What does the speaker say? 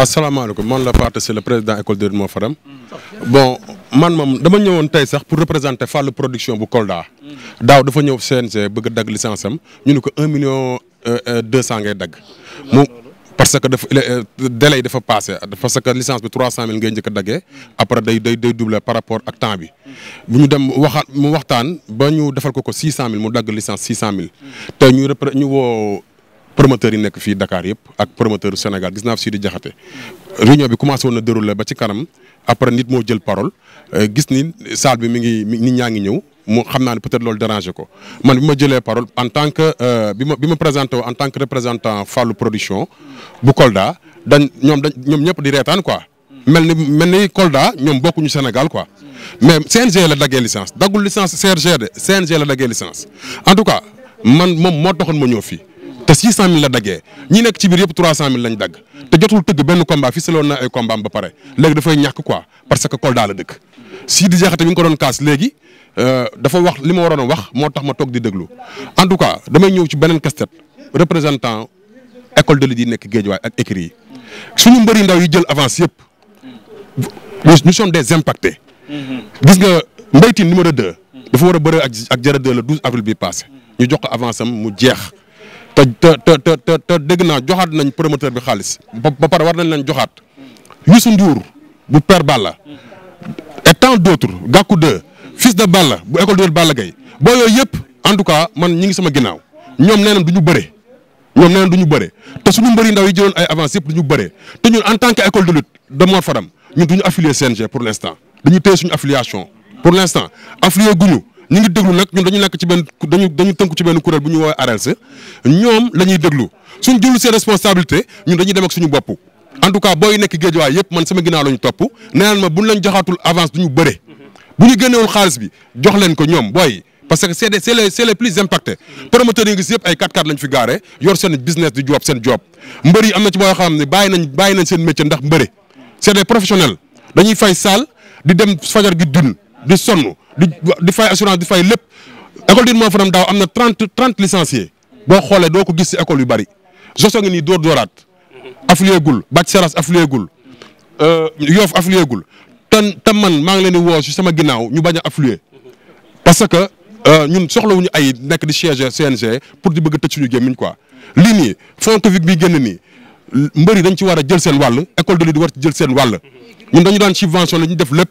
asalaamaaleykum man la Pathé Sylla le président école de moo bon man moom dama ñëwoon tey sax pour représenter Fall production bu Kolda daaw dafa ñëw CNG bëgg a dagg licence am ñu ni ko un million euh, euh, deux cent ngay dagg mu parce que dafa euh, délai yi dafa passé parce que licence bi trois cent mille ngay njëkk a daggee après day day day doublé par rapport ak temps bi bu ñu dem waxaat mu waxtaan ba ñu defal ko ko six cent mille mu dagg licence six cent mille te ñu woo promoteurs yi nekk fii dakaar yëpp ak promoteur Sénégal gis naa fi Sidi Diakhaté réunion bi commencé woon na déroulé ba ci kanam après nit moo jël parole euh, gis ni salle bi mi ngi nit ñaa ngi ñëw mu xam naa ne peut-être loolu dérangé ko man bi ma jëlee parole en tant que euh, bi ma bi ma présenté en tant que représentant Fallou production bu Kolda dañ ñoom dañ ñoom ñëpp di reetaan quoi. mel ni mel ni Kolda ñoom bokkuñu Sénégal quoi mais CNG la daggee licence daggul licence CRG de CNG la daggee en tout cas man moom moo taxoon ma ñëw fii. te 600000 la daggee ñi nekk ci biir yëpp 300000 lañ dagg te jotul tëgg benn combat fi saloon na ay combat am ba pare léegi dafay ñàkk quoi parce que Kolda la dëkk. Sidi Diakhaté mi nga ko doon kaas léegi euh, dafa wax li ma waroon a wax moo tax ma toog di déglu en tout cas damay ñëw ci beneen casse-tête représentant école de lutte yi nekk Guédiawaye ak écurie yi suñu mbëri ndaw yi jël avance yëpp nous sommes des impactés. gis nga Mbaye Tine numéro 2. dafa war a bëre ak ak Jara 2 le 12 avril bi ñu jox ko avance am mu jeex. te te te te te dégg naa joxaat nañ promoteur bi xaalis ba pare war nañ leen joxaat Youssou Ndour bu Père Balla et tant d'autres Gakou 2 fils de Balla bu école de Balla Gaye boo yooyu yëpp en tout cas man ñi ngi sama ginnaaw ñoom nee du ñu bëre ñoom nee nañ du ñu bëre te suñu mbëri ndaw yi jëloon ay avance yëpp du ñu bëre te ñun en tant que école de lutte de Fadam ñun du ñu affilié CNG pour l'instant dañu téye suñu affiliation pour l'instant affilié guñu ñu ngi déglu nag ñun dañu nekk ci benn dañu dañu tënku ci benn kuréel bu ñu woowee AREELS ñoom la ñuy déglu suñ jëlu seen responsabilité ñun dañuy dem ak suñu bopp. en tout cas booy nekk géejuwaay yëpp man sama ginnaaw lañu topp nee naan ma buñ lañ joxaatul avance du ñu bëre bu ñu génneewul xaalis bi jox leen ko ñoom booy parce que c'est c'est les c'est les plus impactés promoteurs yi ngi si yëpp ay 4x4 fi gaare yor seen business di job seen job mbër yi am na ci boo xam ne bàyyi nañ bàyyi nañ seen métier ndax mbëre c'est des professionnels dañuy fay saal di dem fajar gi dun di sonn di di fay assurance di fay lépp école din moo fanam daaw am na trente trente licenciés boo xoolee doo ko gis si école yu bari joso ngi nii dóor dóoraat affilié gul Bac Seras affilié gul euh, Yoff affilié gul te te man maa ngi leen di woo si sama ginnaaw ñu bañ a affilié parce que euh, ñun soxlawuñu ay nekk di siège CNG pour di bëgg a tëj suñu gémmiñ quoi lii nii fond Covid bi génn nii mbër yi dañ ci war a jël seen wàll école de lutte war ci jël seen wàll ñun daan subvention la ñu def lépp